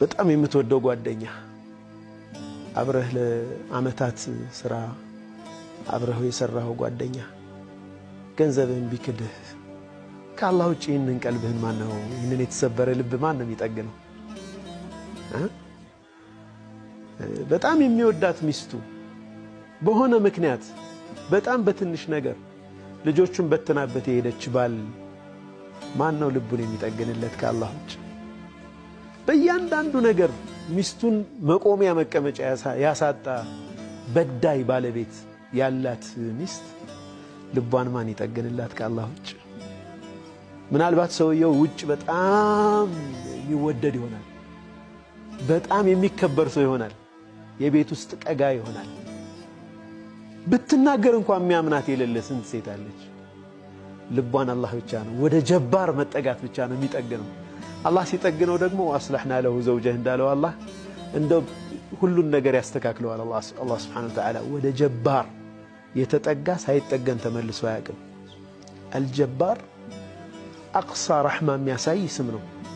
በጣም የምትወደው ጓደኛ አብረህ ለአመታት ስራ አብረህ የሰራኸው ጓደኛ ገንዘብህን ቢክድህ ከአላህ ውጭ ይህንን ቀልብህን ማን ነው? ይህንን የተሰበረ ልብ ማን ነው የሚጠግነው? በጣም የሚወዳት ሚስቱ በሆነ ምክንያት በጣም በትንሽ ነገር ልጆቹን በትናበት የሄደች ባል ማን ነው ልቡን የሚጠግንለት ከአላህ ውጭ? በእያንዳንዱ ነገር ሚስቱን መቆሚያ መቀመጫ ያሳጣ በዳይ ባለቤት ያላት ሚስት ልቧን ማን ይጠግንላት ከአላህ ውጭ? ምናልባት ሰውየው ውጭ በጣም የሚወደድ ይሆናል። በጣም የሚከበር ሰው ይሆናል። የቤት ውስጥ ቀጋ ይሆናል። ብትናገር እንኳን የሚያምናት የሌለ ስንት ሴት አለች። ልቧን አላህ ብቻ ነው ወደ ጀባር መጠጋት ብቻ ነው የሚጠግነው። الله سيتقنوا دقمه وأصلحنا له زوجه انداله الله عنده كل النقر يستكاك له الله, الله سبحانه وتعالى وده جبار يتتقس هاي التقن تملس الجبار أقصى رحمة مياسا سمنه